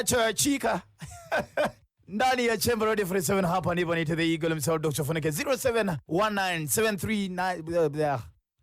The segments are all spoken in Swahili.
macho ya chika ndani ya Chamber Radio 47 hapa ndipo ni the eagle himself Dr. Funike 0719739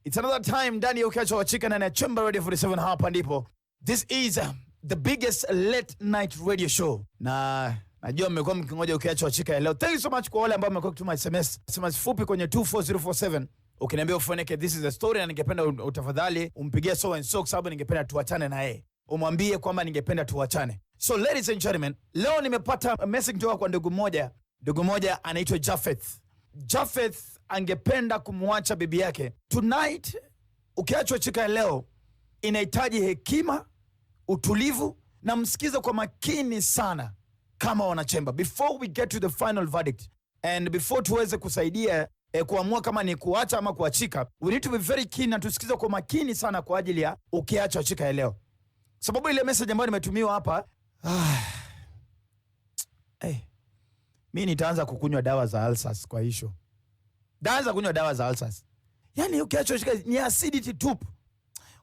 It's another time ndani ya ukiacha wa chika ndani ya Chamber Radio 47 hapa ndipo. This is uh, the biggest late night radio show. Na najua mmekuwa mkingoja ukiacha wa chika leo. Thank you so much kwa wale ambao mmekuwa kutuma SMS. SMS fupi kwenye 24047. Ukiniambia Ufunike this is a story na ningependa utafadhali umpigie so and so, sababu ningependa tuachane na yeye. Umwambie kwamba ningependa tuachane. So ladies and gentlemen, leo nimepata message kutoka kwa ndugu moja. Ndugu moja anaitwa Jafeth. Jafeth angependa kumwacha bibi yake. Tonight ukiachwa chika ya leo inahitaji hekima, utulivu na msikize kwa makini sana kama wanachemba. Before we get to the final verdict and before tuweze kusaidia E, kuamua kama ni kuacha ama kuachika, we need to be very keen na tusikize kwa makini sana kwa ajili ya ukiacha achika leo, sababu ile message ambayo nimetumiwa hapa Ah. Hey. Mi nitaanza kukunywa dawa za ulcers kwa hisho. Daanza kunywa dawa za ulcers. Yaani ukiacho shika ni acidity tupu.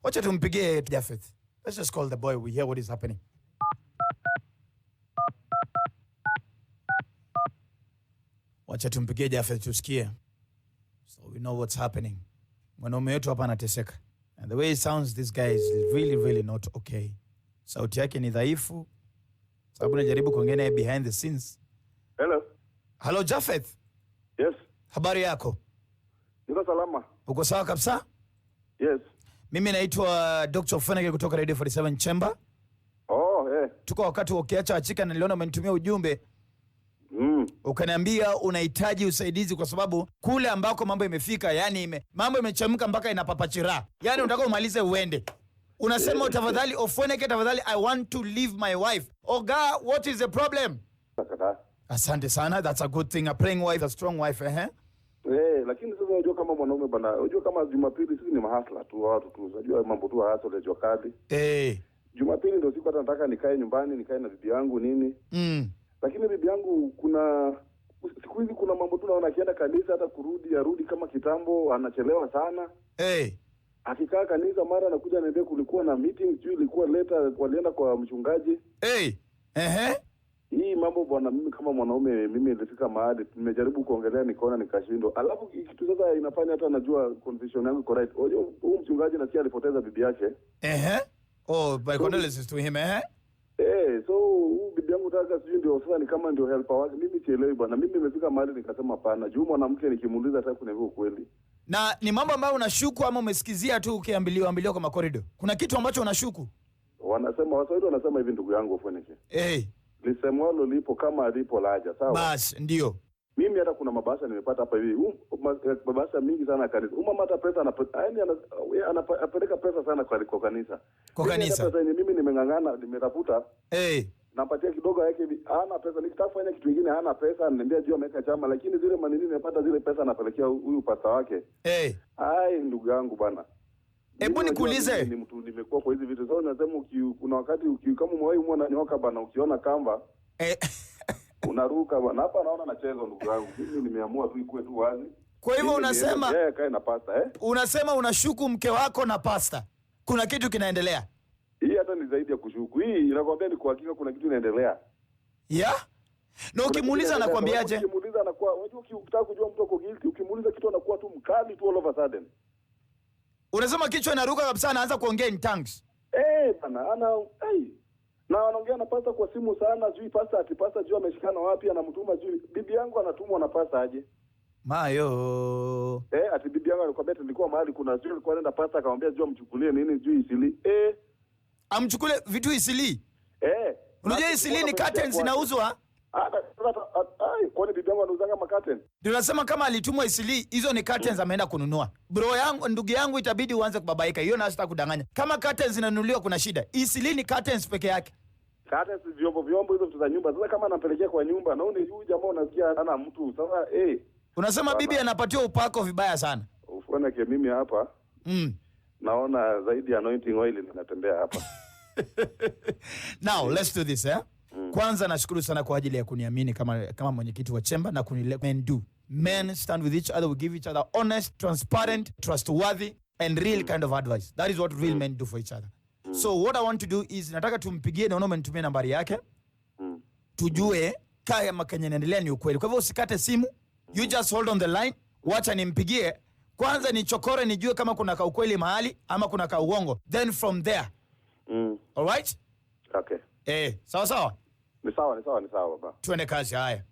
Wacha tumpigie Jafeth. Let's just call the boy. We hear what is happening. Wacha tumpigie Jafeth tusikie. So we know what's happening. Mwanaume wetu hapa anateseka. And the way it sounds this guy is really really not okay. Sauti yake ni dhaifu sababu najaribu kuongea naye behind the scenes. Hello. Hello Jafeth. Yes. Habari yako? Niko salama. Uko sawa kabisa? Yes. Mimi naitwa Dr. Feneke kutoka Radio 47 Chamber. Oh, eh. Hey. Tuko wakati wa ukiacha achika na niliona umenitumia ujumbe. Mm. Ukaniambia unahitaji usaidizi kwa sababu kule ambako mambo imefika, yani ime, mambo imechemka mpaka inapapachira. Yaani unataka umalize uende unasema tafadhali Ofweneke, tafadhali I want to leave my wife. Oga, what is the problem? Asante sana, that's a good thing. A praying wife, a strong wife, eh? Eh, eh lakini sasa unajua kama mwanaume bana, unajua kama Jumapili sisi ni mahasla tu watu tu. Unajua mambo tu hasa ile jua kali. Eh. Jumapili ndio siku hata nataka nikae nyumbani, nikae na bibi yangu nini? Mm. Lakini bibi yangu kuna siku hizi kuna mambo tu naona akienda kanisa hata kurudi arudi kama kitambo anachelewa sana. Eh. Hey akikaa kanisa, mara anakuja anaendea, kulikuwa na meeting juu ilikuwa leta, walienda kwa mchungaji hey. Ehe. Hii mambo bwana, mimi kama mwanaume mimi ilifika mahali nimejaribu kuongelea nikaona nikashindwa. Alafu kitu sasa inafanya hata najua condition yangu iko right. Huyu mchungaji nasikia alipoteza bibi yake. Ehe. Oh, my condolences to him, eh? Eh, so huyu bibi yangu taka sijui ndio sasa ni kama ndio helper wake. Mimi sielewi bwana. Mimi nimefika mahali nikasema hapana. Juu mwanamke nikimuuliza hata kuniambia ukweli na ni mambo ambayo unashuku ama umesikizia tu ukiambiliwa ambiliwa kwa makorido? Kuna kitu ambacho unashuku? Wanasema Waswahili wanasema hivi, ndugu yangu Feniki, hey, eh. lisemwalo lipo kama alipo laja. Sawa Bas, ndio mimi hata kuna mabasa nimepata hapa hivi, um, mingi sana kanisa umama, hata pesa yaani anapeleka pesa sana kwa kanisa kwa kanisa. Mimi nimeng'ang'ana, nimetafuta hey. Eh nampatia kidogo yake hana pesa. nikitafanya kitu kingine hana pesa, ananiambia juu ameweka chama, lakini zile manini nimepata zile pesa napelekea huyu pasta wake. Hey. Eh. Ai, ndugu yangu bwana, hebu nikuulize, ni mtu nimekuwa kwa hizi vitu sasa. unasema kuna wakati uki, kama umewahi na nyoka bana, ukiona kamba hey. Eh. unaruka bana. Hapa naona nacheza ndugu yangu, mimi nimeamua tu ikuwe tu wazi. Kwa hivyo unasema yeye eh, kae na pasta eh, unasema unashuku mke wako na pasta, kuna kitu kinaendelea hii hata ni zaidi ya kushuku. Hii inakwambia ni kwa hakika kuna kitu inaendelea. Yeah? Na ukimuuliza anakuambiaje? Ukimuuliza anakuwa, unajua ukitaka kujua mtu uko guilty, ukimuuliza kitu anakuwa tu mkali tu all of a sudden. Unasema kichwa inaruka kabisa, anaanza kuongea in tongues. Eh, bana, ana hey. Na anaongea na pasta kwa simu sana, sijui pasta ati pasta juu ameshikana wapi, anamtuma juu. Bibi yangu anatumwa na pasta aje? Mayo. Eh, ati bibi yangu alikwambia nilikuwa mahali kuna sijui alikuwa anaenda pasta akamwambia juu amchukulie nini juu isili. Eh amchukule vitu isili eh. Unajua isili ni curtains zinauzwa ah, ah, ah, tunasema kama alitumwa isili hizo ni curtains mm. ameenda kununua. Bro yangu, ndugu yangu, itabidi uanze kubabaika. Hiyo na sita kudanganya, kama curtains zinanunuliwa kuna shida. Isili ni curtains peke yake, curtains vyombo vyombo hizo vitu za nyumba. Sasa kama anapelekea kwa nyumba, na naona huyu jamaa unasikia ana mtu sasa eh, hey. unasema bibi anapatiwa upako vibaya sana. Ufuanake mimi hapa mm, naona zaidi anointing oil inatembea hapa Now yeah. let's do this eh? Mm. Kwanza nashukuru sana kwa ajili ya kuniamini kama, kama mwenyekiti wa chemba na kunile men do men stand with each other we give each other honest transparent trustworthy and real mm. kind of advice that is what real men do for each other mm. so what I want to do is nataka tumpigie, naona umenitumia nambari yake tujue kama Kenya inaendelea ni ukweli. Kwa hivyo usikate simu, you just hold on the line, wacha nimpigie kwanza, nichokore nijue kama kuna ka ukweli mahali ama kuna ka uongo, then from there Mm. All right? Okay. Eh, sawa sawa? Ni sawa, ni sawa, ni sawa baba. Tuende kazi haya.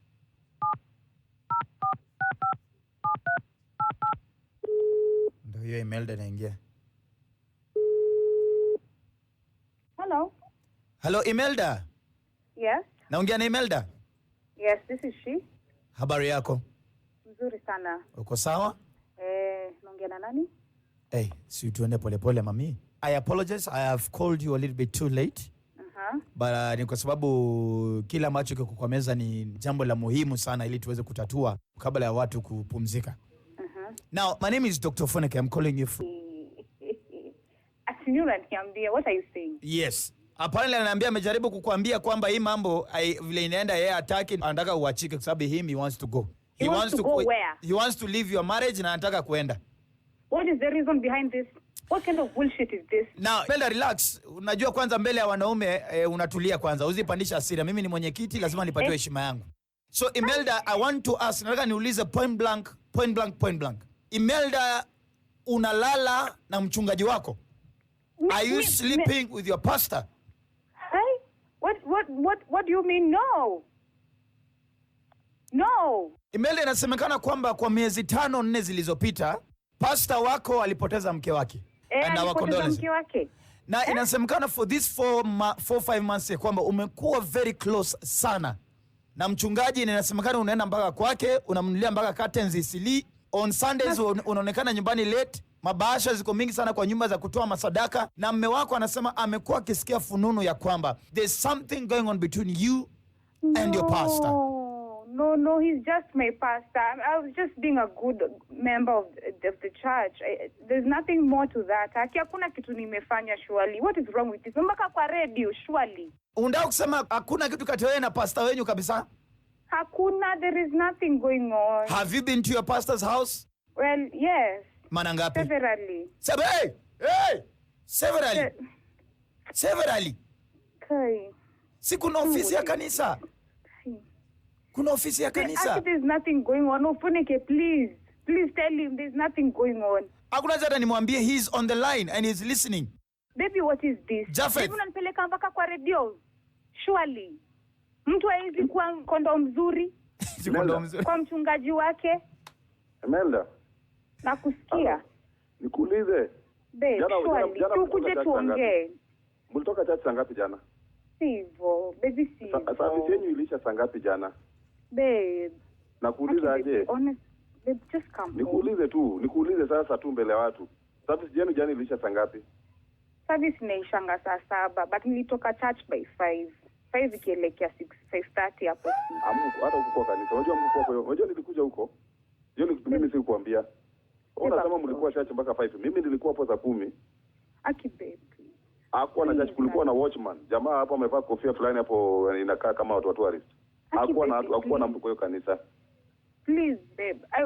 Ndio hiyo Imelda naingia. Hello. Hello Imelda. Yes. Naongea na Imelda? Yes, this is she. Habari yako? Nzuri sana. Uko sawa? Eh, naongea na nani? Eh, si tuende polepole mami. I apologize. I have called you a little bit too late. Uh-huh. But, uh, ni kwa sababu kila ambacho kiko kwa meza ni jambo la muhimu sana ili tuweze kutatua kabla ya watu kupumzika. Uh-huh. Now, my name is Dr. Foneke. I'm calling you from... Yes. Apparently ananiambia amejaribu kukuambia kwamba hii mambo vile inaenda yeye hataki, anataka uachike kwa sababu him he wants to go. He, he wants, wants to go where? He wants to leave your marriage na anataka kuenda. What is the reason behind this? What kind of bullshit is this? Now, Bella relax. Unajua kwanza mbele ya wanaume e, unatulia kwanza. Uzipandisha asira. Mimi ni mwenyekiti, lazima nipatiwe eh. heshima eh, yangu. So Imelda, I want to ask, nataka niulize point blank, point blank, point blank. Imelda, unalala na mchungaji wako? Me, Are you me, sleeping me, with your pastor? Hey, what what what what do you mean no? No. Imelda, inasemekana kwamba kwa miezi tano nne zilizopita, pastor wako alipoteza mke wake. Eh, and our condolences. wake na eh? inasemekana for this four, four five months kwamba umekuwa very close sana na mchungaji, inasemekana unaenda mpaka kwake, unamnulia mpaka curtains isili on Sundays, unaonekana nyumbani late. Mabahasha ziko mingi sana kwa nyumba za kutoa masadaka, na mme wako anasema amekuwa akisikia fununu ya kwamba there's something going on between you and your pastor no, no, he's just my pastor. I was just being a good member of the, of the church. I, there's nothing more to that. Haki hakuna kitu nimefanya surely. What is wrong with this? Mbaka kwa radio surely. Unataka kusema hakuna kitu kati wewe na pastor wenyu kabisa? Hakuna, there is nothing going on. Have you been to your pastor's house? Well, yes. Mara ngapi? Severally. Sebe, hey, hey! Severally. Se Severally. Kai. Siku na ofisi ya kanisa? Kuna ofisi ya kanisa. Actually, there's nothing going on. please. Please tell him there's nothing going on. Hakuna hata nimwambie he on the line and he's listening. Baby, what is this? Jafet. Unanipeleka mpaka kwa radio. Surely. Mtu hawezi kuwa kondo mzuri. kondo mzuri. Kwa mchungaji wake. na Nakusikia. Nikuulize. Babe, surely. Tukuje tuongee. Mlitoka chachi saa ngapi jana? Sivyo. Baby, sivyo. Service yenu iliisha saa ngapi jana? Babe, Nikuulize tu, nikuulize sasa tu mbele ya watu. Service yenu iliisha saa ngapi? Service inaishanga saa saba, but nilitoka church by five. ikielekea hapo. Hata kanisa. Unajua Unajua nilikuja huko. mimi sikuambia Ona kama mlikuwa church mpaka 5. Mimi nilikuwa hapo saa kumi. Aki na church, kulikuwa na watchman. Jamaa hapo amevaa kofia fulani hapo inakaa kama watu hakuwa na watu, hakuwa na mtu kwa hiyo kanisa. Please babe, I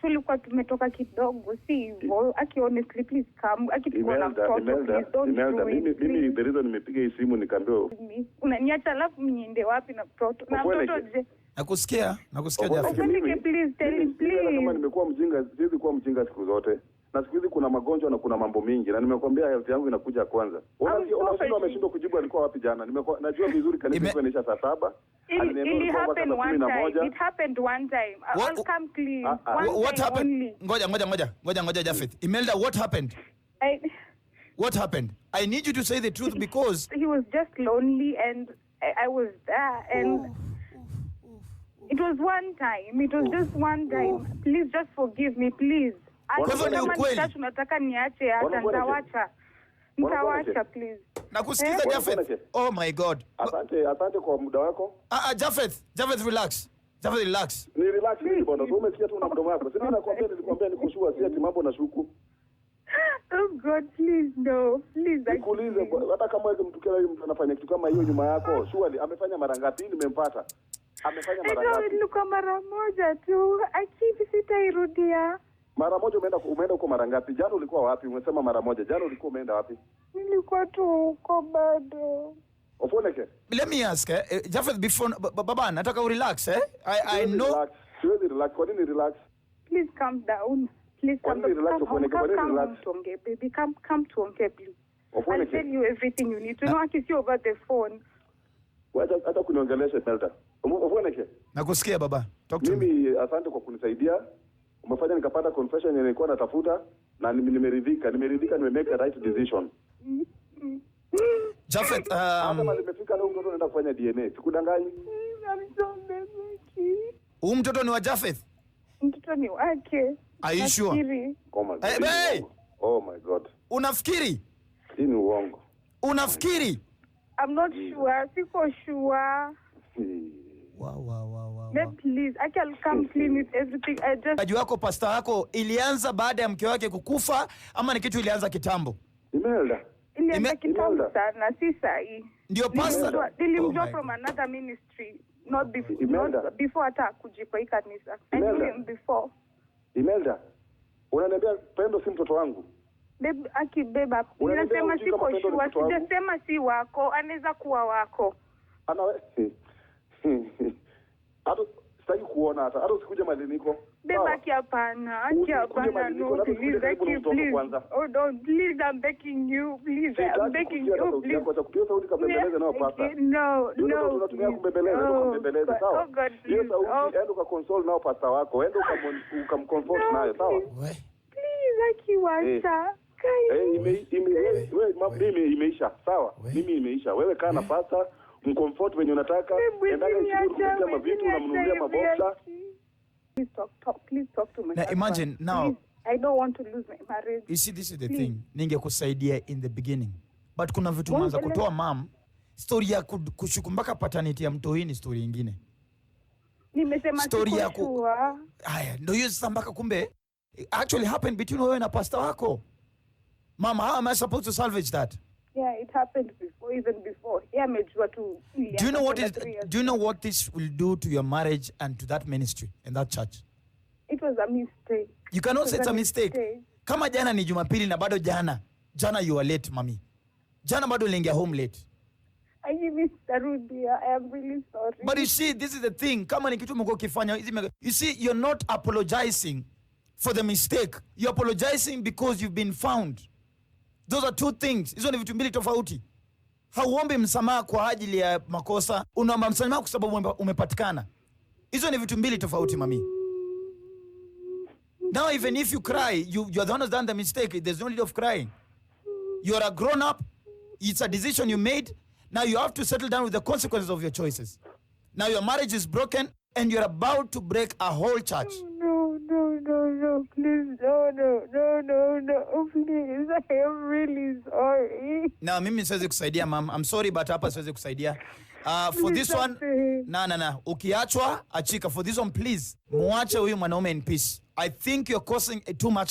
tulikuwa tumetoka kidogo, si hivyo. Aki honestly please come, aki tuko mtoto please don't do it. Mimi the reason nimepiga hii simu nikaambiwa unaniacha, alafu niende wapi na mtoto na mtoto je? Nakusikia, nakusikia Jaffe, please tell me please. Kama nimekuwa mjinga, siwezi kuwa mjinga siku zote. na siku hizi kuna magonjwa na kuna mambo mingi, na nimekwambia health yangu inakuja kwanza. Unasema ameshindwa kujibu, alikuwa wapi jana? najua vizuri kanisa inaisha saa saba. Ah, ah. Ngoja ngoja ngoja ngoja Jafeth. Imelda, what happened? I, what happened? I need you to say the truth because he was just lonely and I, was there and It was one time. It was just one time. Please just forgive me, please. Kwa hivyo ni ukweli. Sasa Tunataka niache hata nitawacha. Nitawacha please. Nakusikiza eh? Jafeth. Oh my God. Asante, asante kwa muda wako. Ah ah, Jafeth, Jafeth relax. Jafeth relax. Ni relax ni bwana. Wewe umesikia tu na mdomo wako. Sisi nakwambia nilikwambia nikushua si ati mambo na shuku. Oh God, please no. Please. Nikuulize hata kama wewe mtu kila mtu anafanya kitu kama hiyo nyuma yako, surely amefanya mara ngapi nimempata? Amefanya mara ngapi? Ndio mara moja tu. I Akivi sitairudia. Mara moja umeenda umeenda huko mara ngapi? Jana ulikuwa wapi? Umesema mara moja. Jana ulikuwa umeenda wapi? Nilikuwa tu huko bado. Ofoneke. Let me ask eh, eh Jafeth before baba nataka u relax, eh. I I know. Relax. Siwezi relax. Kwa nini relax? Please calm down. Please calm down. Relax Ofoneke. Kwa nini relax? Tuongee baby. Come come tuongee please. Ofoneke. I'll tell you everything you need to know. Akisi over the phone. Wacha hata kuniongelesha Melda. Ofoneke. Nakusikia baba. Talk to me. Mimi asante kwa kunisaidia umefanya nikapata confession nilikuwa natafuta na nimeridhika, nimeridhika, nime make a right decision. Jafet, um, hata mali imefika leo, mtoto anaenda kufanya DNA, sikudanganyi. Huyu mtoto ni wa Jafet? Mtoto ni wake. Are you sure? Oh my God. Hey, hey! Oh my God. Unafikiri? Hii ni uongo. Unafikiri? I'm not sure. Siko sure. Wow, wow. Mtaji wako pasta wako ilianza baada ya mke wake kukufa ama ni kitu ilianza kitambo? Imelda. Ilianza kitambo sana, si sahi. Ndio pasta. Nilimjua oh from another ministry. Not before, not before hata akujipa hii kanisa. Imelda. before. Imelda. Unaniambia Pendo si mtoto wangu. Babe, aki beba. Ninasema siko sure. Sijasema si wako, anaweza kuwa wako. Ana huwezi kuona hata hata usikuje maliniko Bebaki hapana, acha hapana, no please, I keep please. Oh no, please I'm begging you, please I'm begging you, please. Kwa kupiga sauti No, no. Tunatumia kumbembeleza, oh, kumbembeleza sawa. Hiyo oh, sauti oh. endo ka console nao pasta wako, endo ukamcomfort nayo sawa. Please akiwacha. Kai. Eh, eh imeisha sawa. Mimi imeisha. Wewe kaa na eh. pasta mkomfort venye unataka, endaga kama vitu unamnunulia maboksa. Ningekusaidia in the beginning. But kuna vitu maanza kutoa mam, stori ya kushuku mpaka paternity ya mtoi ni story nyingine. Nimesema Haya, ndio hiyo sasa mpaka kumbe actually happened between wewe na pasta wako. Mama, how am I supposed to salvage that? Yeah, it happened before, even before. Yeah, do you know what is? Do you know what this will do to your marriage and to that ministry and that church? It was a mistake. You cannot it say it's a mistake. mistake. Kama jana ni Jumapili na bado jana, jana you are late, mami. Jana bado lingia home late. I I am really sorry. But you see, this is the thing. Kama ni kitu kifanya, you see, you're not apologizing for the mistake. You're apologizing because you've been found. Those are two things. Hizo ni vitu mbili tofauti. Hauombi msamaha kwa ajili ya makosa, unaomba msamaha kwa sababu umepatikana. Hizo ni vitu mbili tofauti, mami. Now even if you cry, you, you are the one who's done the mistake. There's no need of crying. You are a grown up. It's a decision you made. Now you have to settle down with the consequences of your choices. Now your marriage is broken and you're about to break a whole church no, no, no, no, please. I am really sorry. Na mimi siwezi kusaidia mam. I'm sorry but hapa siwezi kusaidia. Uh, for this one, na na na, ukiachwa achika. For this one please, muache huyu mwanaume in peace. I think you're causing too much